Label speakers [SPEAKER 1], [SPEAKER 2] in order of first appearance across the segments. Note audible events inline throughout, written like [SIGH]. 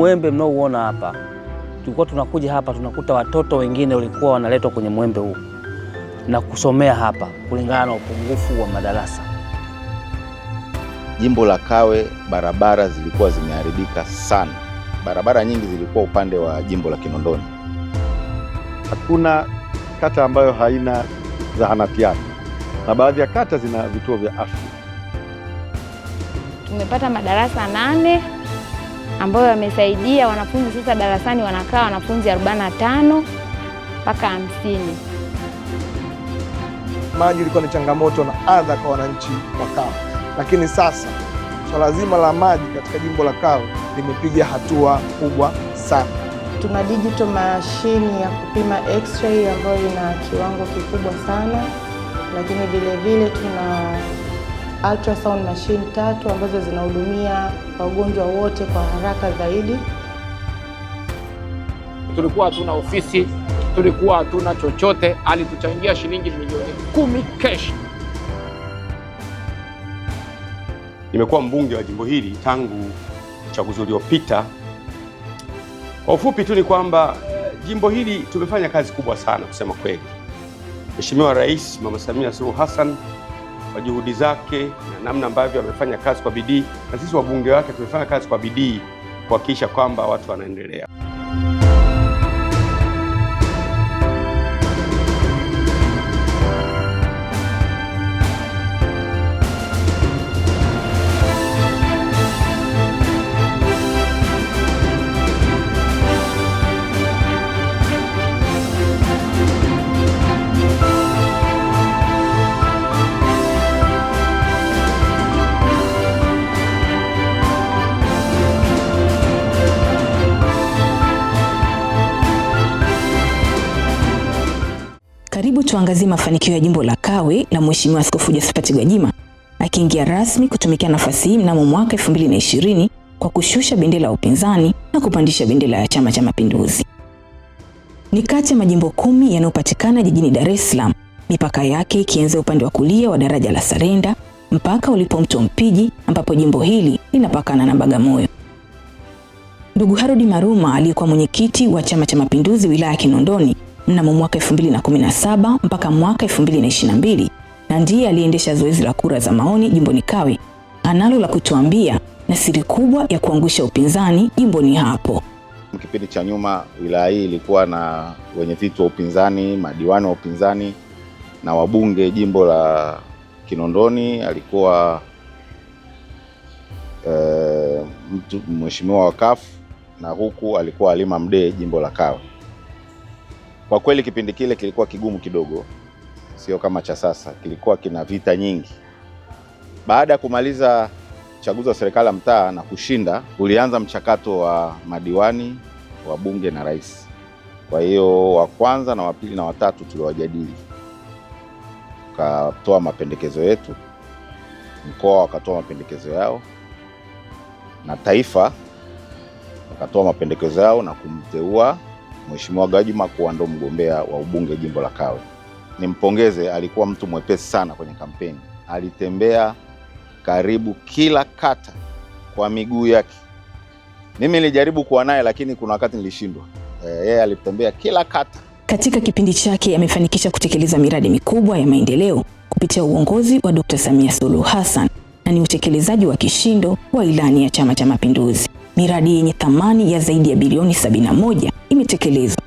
[SPEAKER 1] mwembe mnaouona hapa, tulikuwa tunakuja hapa tunakuta watoto wengine walikuwa wanaletwa kwenye mwembe huu na kusomea hapa kulingana na upungufu wa madarasa.
[SPEAKER 2] Jimbo la Kawe barabara zilikuwa zimeharibika sana, barabara nyingi zilikuwa upande wa jimbo la Kinondoni.
[SPEAKER 3] Hakuna kata ambayo haina zahanati yake na baadhi ya kata zina vituo vya afya.
[SPEAKER 4] Tumepata madarasa nane ambayo yamesaidia wanafunzi sasa darasani wanakaa wanafunzi 45 mpaka 50.
[SPEAKER 5] Maji ilikuwa ni changamoto na adha kwa wananchi wa Kawe, lakini sasa swala zima la maji katika jimbo la Kawe limepiga hatua kubwa sana.
[SPEAKER 6] Tuna digital mashine ya kupima x-ray ambayo ina kiwango kikubwa sana, lakini vilevile tuna ultrasound machine tatu ambazo zinahudumia wagonjwa wote kwa haraka zaidi.
[SPEAKER 7] Tulikuwa hatuna ofisi, tulikuwa hatuna chochote, alituchangia shilingi milioni kumi kesh.
[SPEAKER 8] Nimekuwa mbunge wa jimbo hili tangu uchaguzi uliopita. Kwa ufupi tu ni kwamba eh, jimbo hili tumefanya kazi kubwa sana kusema kweli. Mheshimiwa Rais Mama Samia Suluhu Hassan kwa juhudi zake na namna ambavyo amefanya kazi kwa bidii, na sisi wabunge wake tumefanya kazi kwa bidii kuhakikisha kwamba watu wanaendelea
[SPEAKER 9] tuangazie mafanikio ya jimbo la Kawe la Mheshimiwa Askofu Josephat Gwajima akiingia rasmi kutumikia nafasi hii mnamo mwaka 2020 kwa kushusha bendera ya upinzani na kupandisha bendera ya Chama cha Mapinduzi. Ni kati ya majimbo kumi yanayopatikana jijini Dar es Salaam, mipaka yake ikianzia upande wa kulia wa daraja la Sarenda mpaka ulipo mto Mpiji ambapo jimbo hili linapakana na Bagamoyo. Ndugu Harudi Maruma aliyekuwa mwenyekiti wa Chama cha Mapinduzi wilaya ya Kinondoni mnamo mwaka 2017 mpaka mwaka 2022 na ndiye aliendesha zoezi la kura za maoni jimboni Kawe. Analo la kutuambia na siri kubwa ya kuangusha upinzani jimboni hapo.
[SPEAKER 2] Kipindi cha nyuma wilaya hii ilikuwa na wenye vitu wa upinzani, madiwani wa upinzani na wabunge. Jimbo la Kinondoni alikuwa e, mtu mheshimiwa wakafu na huku alikuwa Halima Mdee jimbo la Kawe. Kwa kweli kipindi kile kilikuwa kigumu kidogo, sio kama cha sasa, kilikuwa kina vita nyingi. Baada ya kumaliza uchaguzi wa serikali ya mtaa na kushinda, ulianza mchakato wa madiwani, wa bunge na rais. Kwa hiyo wa kwanza na wa pili na watatu tuliwajadili, tukatoa mapendekezo yetu, mkoa wakatoa mapendekezo yao na taifa wakatoa mapendekezo yao na kumteua Mheshimiwa Gwajima kuwa ndo mgombea wa ubunge jimbo la Kawe. Nimpongeze, alikuwa mtu mwepesi sana kwenye kampeni, alitembea karibu kila kata kwa miguu yake. Mimi nilijaribu kuwa naye, lakini kuna wakati nilishindwa. Eh, yeye e, alitembea kila kata.
[SPEAKER 9] Katika kipindi chake amefanikisha kutekeleza miradi mikubwa ya maendeleo kupitia uongozi wa Dkt. Samia Suluhu Hassan na ni utekelezaji wa kishindo wa ilani ya Chama cha Mapinduzi miradi yenye thamani ya zaidi ya bilioni 71 imetekelezwa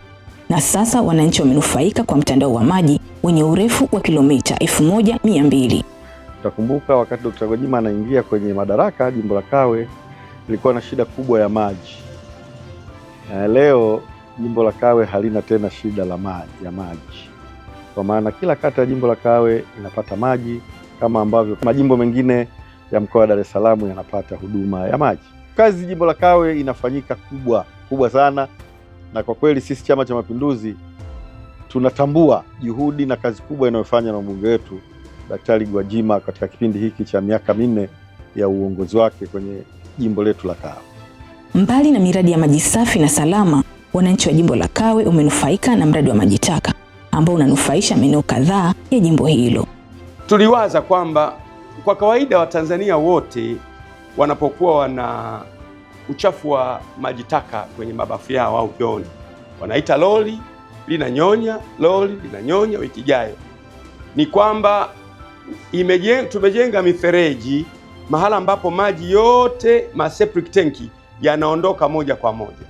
[SPEAKER 9] na sasa wananchi wamenufaika kwa mtandao wa maji wenye urefu wa kilomita 1200.
[SPEAKER 3] Utakumbuka wakati Dkt. Gwajima anaingia kwenye madaraka, jimbo la Kawe lilikuwa na shida kubwa ya maji. Leo jimbo la Kawe halina tena shida la maji, ya maji kwa maana kila kata ya jimbo la Kawe inapata maji kama ambavyo majimbo mengine ya mkoa wa Dar es Salaam yanapata huduma ya maji kazi jimbo la Kawe inafanyika kubwa kubwa sana, na kwa kweli sisi Chama cha Mapinduzi tunatambua juhudi na kazi kubwa inayofanywa na mbunge wetu Daktari Gwajima katika kipindi hiki cha miaka minne ya uongozi wake kwenye jimbo letu la Kawe.
[SPEAKER 9] Mbali na miradi ya maji safi na salama, wananchi wa jimbo la Kawe umenufaika na mradi wa maji taka ambao unanufaisha maeneo kadhaa ya jimbo hilo.
[SPEAKER 3] Tuliwaza kwamba kwa kawaida Watanzania wote wanapokuwa wana uchafu wa maji taka kwenye mabafu yao au chooni, wanaita loli linanyonya, loli linanyonya. Wiki ijayo ni kwamba imejenga, tumejenga mifereji mahala ambapo maji yote septic tank yanaondoka moja kwa moja,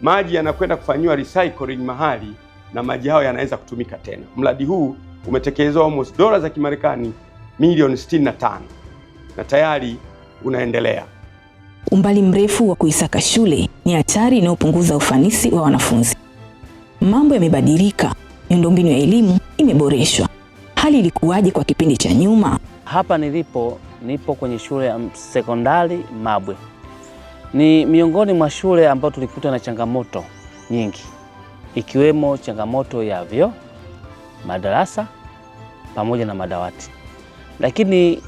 [SPEAKER 3] maji yanakwenda kufanyiwa recycling mahali na maji hayo yanaweza kutumika tena. Mradi huu umetekelezwa almost dola za Kimarekani milioni 65 na tayari unaendelea.
[SPEAKER 9] Umbali mrefu wa kuisaka shule ni hatari inayopunguza ufanisi wa wanafunzi. Mambo yamebadilika, miundombinu ya elimu imeboreshwa. Hali ilikuwaje kwa kipindi cha nyuma?
[SPEAKER 1] Hapa nilipo nipo kwenye shule ya sekondari Mabwe, ni miongoni mwa shule ambayo tulikuta na changamoto nyingi, ikiwemo changamoto ya vyoo, madarasa pamoja na madawati, lakini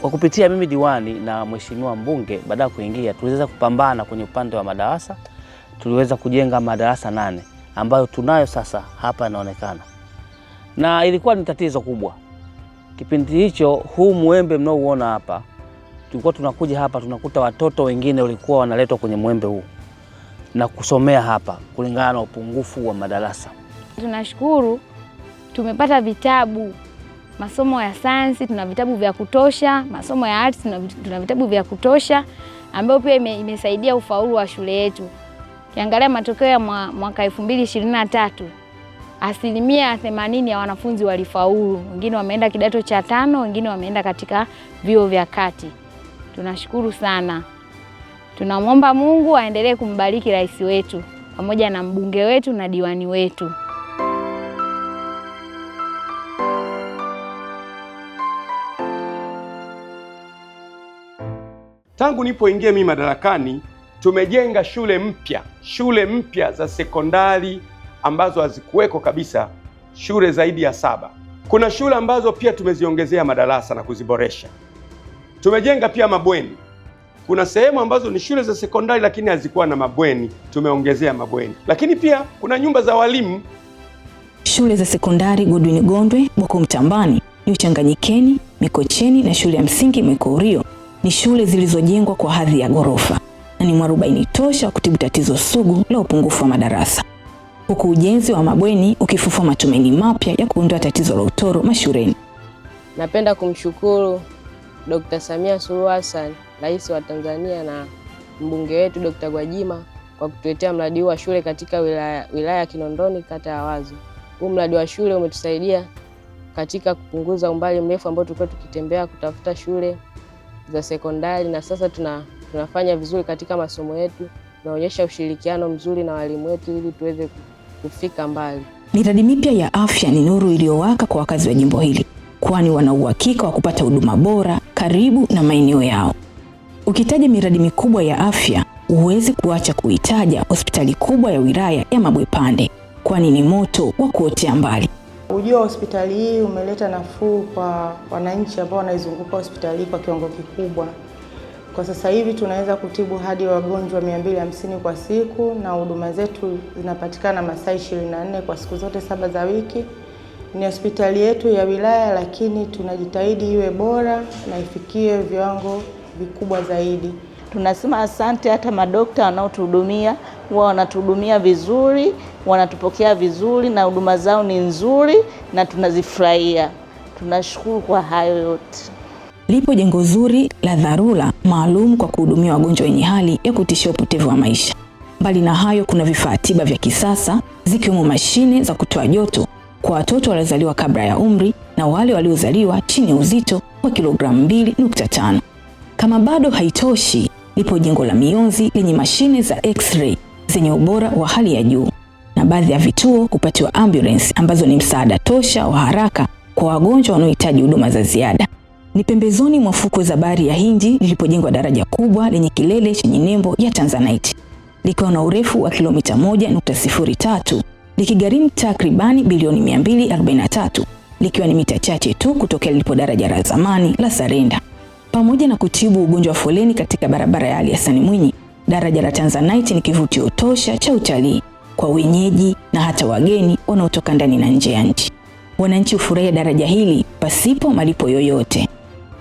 [SPEAKER 1] kwa kupitia mimi diwani na mheshimiwa mbunge, baada ya kuingia, tuliweza kupambana kwenye upande wa madarasa, tuliweza kujenga madarasa nane ambayo tunayo sasa hapa yanaonekana, na ilikuwa ni tatizo kubwa kipindi hicho. Huu mwembe mnaouona hapa, tulikuwa tunakuja hapa tunakuta watoto wengine walikuwa wanaletwa kwenye mwembe huu na kusomea hapa kulingana na upungufu wa madarasa.
[SPEAKER 4] Tunashukuru tumepata vitabu masomo ya sayansi tuna vitabu vya kutosha, masomo ya arts tuna vitabu vya kutosha, ambayo pia ime, imesaidia ufaulu wa shule yetu. kiangalia matokeo ya mwaka 2023 asilimia themanini ya wanafunzi walifaulu, wengine wameenda kidato cha tano, wengine wameenda katika vyuo vya kati. Tunashukuru sana, tunamwomba Mungu aendelee kumbariki rais wetu pamoja na mbunge wetu na diwani wetu.
[SPEAKER 3] Tangu nipoingia mimi madarakani, tumejenga shule mpya, shule mpya za sekondari ambazo hazikuweko kabisa, shule zaidi ya saba. Kuna shule ambazo pia tumeziongezea madarasa na kuziboresha. Tumejenga pia mabweni. Kuna sehemu ambazo ni shule za sekondari lakini hazikuwa na mabweni, tumeongezea mabweni. Lakini pia kuna nyumba za walimu. Shule za sekondari Godwin Gondwe, Boko Mtambani, New Mikocheni na shule ya msingi Mwikourio ni shule zilizojengwa kwa hadhi ya ghorofa na ni mwarobaini tosha wa kutibu tatizo sugu la upungufu wa madarasa, huku ujenzi wa mabweni ukifufua matumaini mapya ya kuondoa tatizo la utoro mashuleni.
[SPEAKER 4] Napenda kumshukuru Dr. Samia Suluhu Hassan, Rais wa Tanzania na mbunge wetu Dr. Gwajima kwa kutuletea mradi huu wa shule katika wilaya, wilaya ya Kinondoni kata ya Wazo. Huu mradi wa shule umetusaidia katika kupunguza umbali mrefu ambao tulikuwa tukitembea kutafuta shule za sekondari, na sasa tuna, tunafanya vizuri katika masomo yetu, tunaonyesha ushirikiano mzuri na walimu wetu ili tuweze kufika mbali.
[SPEAKER 9] Miradi mipya ya afya ni nuru iliyowaka kwa wakazi wa jimbo hili, kwani wana uhakika wa kupata huduma bora karibu na maeneo yao. Ukitaja miradi mikubwa ya afya, huwezi kuacha kuitaja hospitali kubwa ya wilaya ya Mabwepande, kwani ni moto wa kuotea mbali.
[SPEAKER 6] Ujio wa hospitali hii umeleta nafuu kwa wananchi ambao wanaizunguka hospitali hii kwa kiwango kikubwa. Kwa sasa hivi tunaweza kutibu hadi wagonjwa 250 kwa siku na huduma zetu zinapatikana masaa 24 kwa siku zote saba za wiki. Ni hospitali yetu ya wilaya, lakini tunajitahidi iwe bora na ifikie viwango vikubwa zaidi.
[SPEAKER 4] Tunasema asante hata madokta wanaotuhudumia huwa wanatuhudumia vizuri, wanatupokea vizuri na huduma zao ni nzuri na tunazifurahia. Tunashukuru kwa hayo yote.
[SPEAKER 9] Lipo jengo zuri la dharura maalum kwa kuhudumia wagonjwa wenye hali ya kutishia upotevu wa maisha. Mbali na hayo, kuna vifaa tiba vya kisasa zikiwemo mashine za kutoa joto kwa watoto waliozaliwa kabla ya umri na wale waliozaliwa chini ya uzito wa kilogramu 2.5. Kama bado haitoshi, lipo jengo la mionzi lenye mashine za x-ray zenye ubora wa hali ya juu na baadhi ya vituo kupatiwa ambulance ambazo ni msaada tosha wa haraka kwa wagonjwa wanaohitaji huduma za ziada. Ni pembezoni mwa fukwe za bahari ya Hindi lilipojengwa daraja kubwa lenye kilele chenye nembo ya Tanzanite likiwa na urefu wa kilomita 1.03 likigharimu takribani bilioni 243 likiwa ni mita chache tu kutokea lilipo daraja la zamani la Sarenda. Pamoja na kutibu ugonjwa wa foleni katika barabara ya Ali Hassan Mwinyi, Daraja la Tanzanite ni kivutio tosha cha utalii kwa wenyeji na hata wageni wanaotoka ndani na nje ya nchi. Wananchi hufurahia daraja hili pasipo malipo yoyote.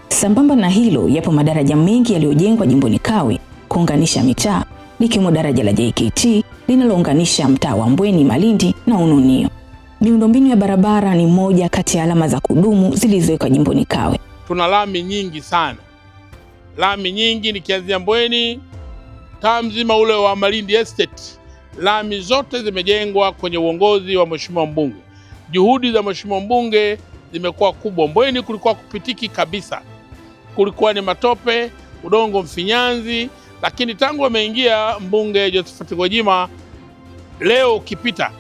[SPEAKER 9] Sambamba na hilo, yapo madaraja mengi yaliyojengwa jimboni Kawe kuunganisha mitaa likiwemo daraja la JKT linalounganisha mtaa wa Mbweni, Malindi na Ununio. Miundombinu ya barabara ni moja kati ya alama za kudumu zilizowekwa jimboni Kawe.
[SPEAKER 7] Tuna lami nyingi sana, lami nyingi nikianzia Mbweni mtaa mzima ule wa Malindi Estate, lami zote zimejengwa kwenye uongozi wa mheshimiwa mbunge. Juhudi za mheshimiwa mbunge zimekuwa kubwa. Mbweni kulikuwa kupitiki kabisa, kulikuwa ni matope, udongo mfinyanzi, lakini tangu ameingia mbunge Josephat Gwajima, leo ukipita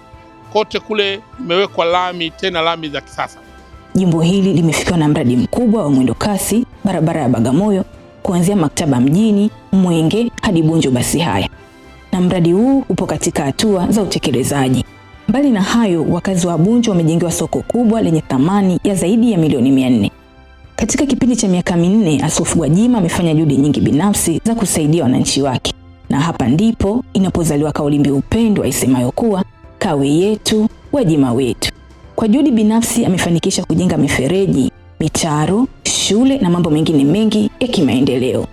[SPEAKER 7] kote kule imewekwa lami, tena lami za kisasa.
[SPEAKER 9] Jimbo hili limefikiwa na mradi mkubwa wa mwendo kasi, barabara ya Bagamoyo kuanzia maktaba mjini, Mwenge hadi Bunjo basi haya, na mradi huu upo katika hatua za utekelezaji. Mbali na hayo, wakazi wa Bunjo wamejengewa soko kubwa lenye thamani ya zaidi ya milioni mia nne. Katika kipindi cha miaka minne, Askofu Gwajima amefanya juhudi nyingi binafsi za kusaidia wananchi wake, na hapa ndipo inapozaliwa kauli mbiu upendo aisemayo kuwa Kawe yetu Gwajima wetu. Kwa juhudi binafsi amefanikisha kujenga mifereji, mitaro shule na mambo mengine mengi ya kimaendeleo.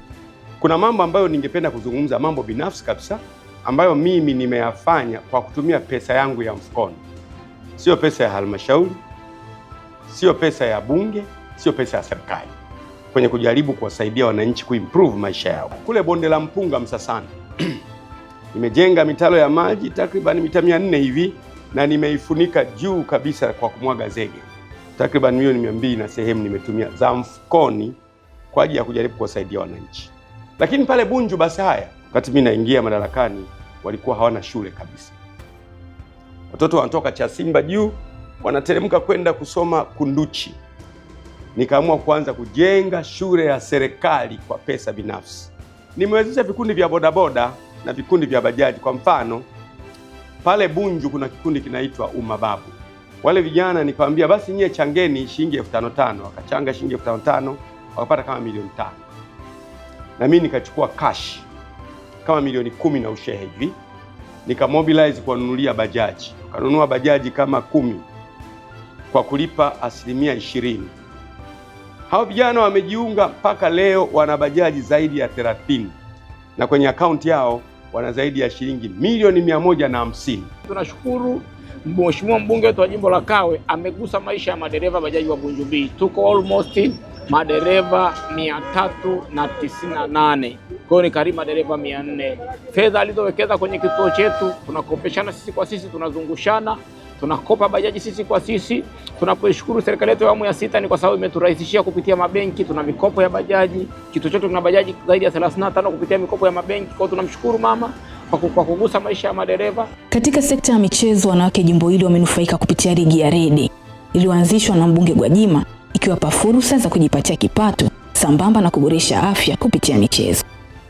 [SPEAKER 3] Kuna mambo ambayo ningependa kuzungumza, mambo binafsi kabisa ambayo mimi nimeyafanya kwa kutumia pesa yangu ya mfukoni, sio pesa ya halmashauri, sio pesa ya bunge, sio pesa ya serikali, kwenye kujaribu kuwasaidia wananchi kuimprove maisha yao. Kule bonde la Mpunga Msasani [CLEARS THROAT] nimejenga mitaro ya maji takribani mita mia nne hivi na nimeifunika juu kabisa kwa kumwaga zege takriban milioni mia mbili na sehemu nimetumia za mfukoni kwa ajili ya kujaribu kuwasaidia wananchi. Lakini pale Bunju basi haya, wakati mimi naingia madarakani walikuwa hawana shule kabisa. Watoto wanatoka Chasimba juu wanateremka kwenda kusoma Kunduchi. Nikaamua kuanza kujenga shule ya serikali kwa pesa binafsi. Nimewezesha vikundi vya bodaboda na vikundi vya bajaji. Kwa mfano pale Bunju kuna kikundi kinaitwa Umababu wale vijana nikawaambia basi nyie changeni shilingi elfu tano tano. Wakachanga shilingi elfu tano tano wakapata kama milioni tano, na mimi nikachukua cash kama milioni kumi na ushe hivi, nikamobilize kuwanunulia bajaji. Wakanunua bajaji kama kumi kwa kulipa asilimia ishirini. Hao vijana wamejiunga mpaka leo, wana bajaji zaidi ya 30 na kwenye akaunti yao wana zaidi ya shilingi milioni mia moja na hamsini.
[SPEAKER 7] Tunashukuru. Mheshimiwa mbunge wetu wa jimbo la Kawe amegusa maisha ya madereva bajaji wa Bunjubii. Tuko almost madereva 398 tatu kwa hiyo ni karibu madereva 400. Fedha alizowekeza kwenye kituo chetu tunakopeshana sisi kwa sisi, tunazungushana, tunakopa bajaji sisi kwa sisi. tunaposhukuru serikali yetu ya awamu ya sita ni kwa sababu imeturahisishia kupitia mabenki, tuna mikopo ya bajaji. Kituo chetu kina bajaji zaidi ya 35 kupitia mikopo ya mabenki. Kwa hiyo tunamshukuru mama kwa kugusa maisha ya madereva.
[SPEAKER 9] Katika sekta ya michezo, wanawake jimbo hili wamenufaika kupitia ligi ya rede iliyoanzishwa na mbunge Gwajima, ikiwapa fursa za kujipatia kipato sambamba na kuboresha afya kupitia michezo.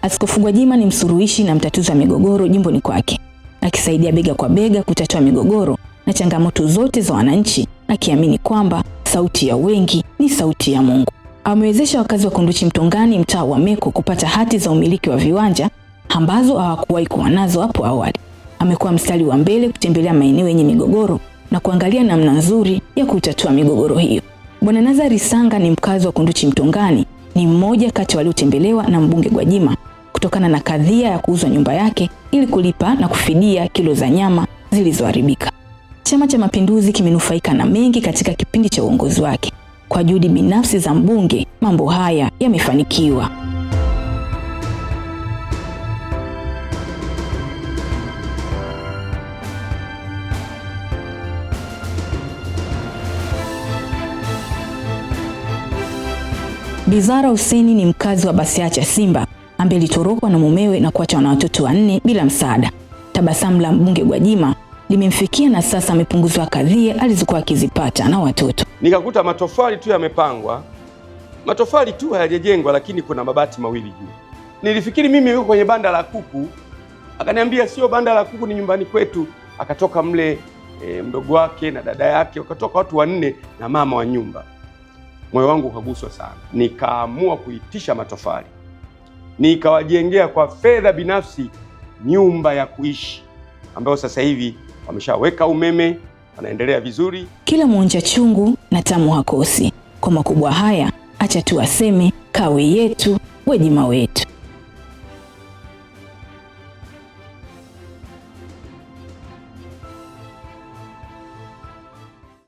[SPEAKER 9] Askofu Gwajima ni msuluhishi na mtatuzi wa migogoro jimboni kwake, akisaidia bega kwa bega kutatua migogoro na changamoto zote za wananchi, akiamini kwamba sauti ya wengi ni sauti ya Mungu. Amewezesha wakazi wa Kunduchi Mtongani, mtaa wa Meko, kupata hati za umiliki wa viwanja ambazo hawakuwahi kuwa nazo hapo awali. Amekuwa mstari wa mbele kutembelea maeneo yenye migogoro na kuangalia namna nzuri ya kuitatua migogoro hiyo. Bwana Nazari Sanga ni mkazi wa Kunduchi Mtongani, ni mmoja kati waliotembelewa na mbunge Gwajima kutokana na kadhia ya kuuzwa nyumba yake ili kulipa na kufidia kilo za nyama zilizoharibika. Chama cha Mapinduzi kimenufaika na mengi katika kipindi cha uongozi wake. Kwa juhudi binafsi za mbunge, mambo haya yamefanikiwa. Bizara Huseni ni mkazi wa Basiacha Simba ambaye alitorokwa na mumewe na kuacha na watoto wanne bila msaada. Tabasamu la mbunge Gwajima limemfikia na sasa amepunguzwa kadhia alizokuwa akizipata na watoto.
[SPEAKER 3] Nikakuta matofali tu yamepangwa, matofali tu hayajajengwa, lakini kuna mabati mawili juu. Nilifikiri mimi yuko kwenye banda la kuku, akaniambia sio banda la kuku, ni nyumbani kwetu. Akatoka mle e, mdogo wake na dada yake, wakatoka watu wanne na mama wa nyumba moyo wangu ukaguswa sana, nikaamua kuitisha matofali, nikawajengea kwa fedha binafsi nyumba ya kuishi ambayo sasa hivi wameshaweka umeme, wanaendelea vizuri.
[SPEAKER 9] Kila mwonja chungu na tamu hakosi. Kwa makubwa haya, acha tu aseme, kawe yetu, wejima wetu.